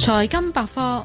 財金百貨。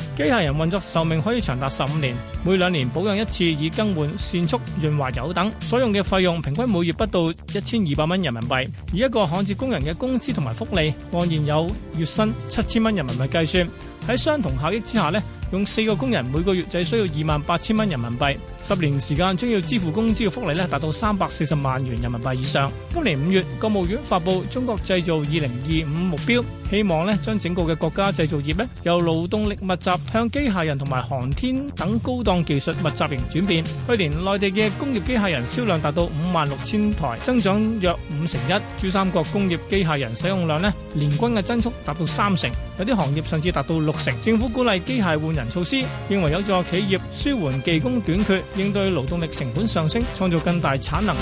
機械人運作壽命可以長達十五年，每兩年保養一次，以更換線束、潤滑油等，所用嘅費用平均每月不到一千二百蚊人民幣。而一個焊接工人嘅工資同埋福利，按現有月薪七千蚊人民幣計算，喺相同效益之下呢，用四個工人每個月就需要二萬八千蚊人民幣，十年時間將要支付工資嘅福利咧，達到三百四十萬元人民幣以上。今年五月，國務院發布《中國製造二零二五》目標。希望咧將整個嘅國家製造業咧由勞動力密集向機械人同埋航天等高檔技術密集型轉變。去年內地嘅工業機械人銷量達到五萬六千台，增長約五成一。珠三角工業機械人使用量咧年均嘅增速達到三成，有啲行業甚至達到六成。政府鼓勵機械換人措施，認為有助企業舒緩技工短缺，應對勞動力成本上升，創造更大產能。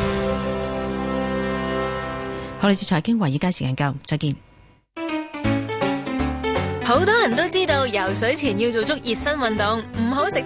好，嚟自財經華爾街研究，再見。好多人都知道游水前要做足熱身運動，唔好食。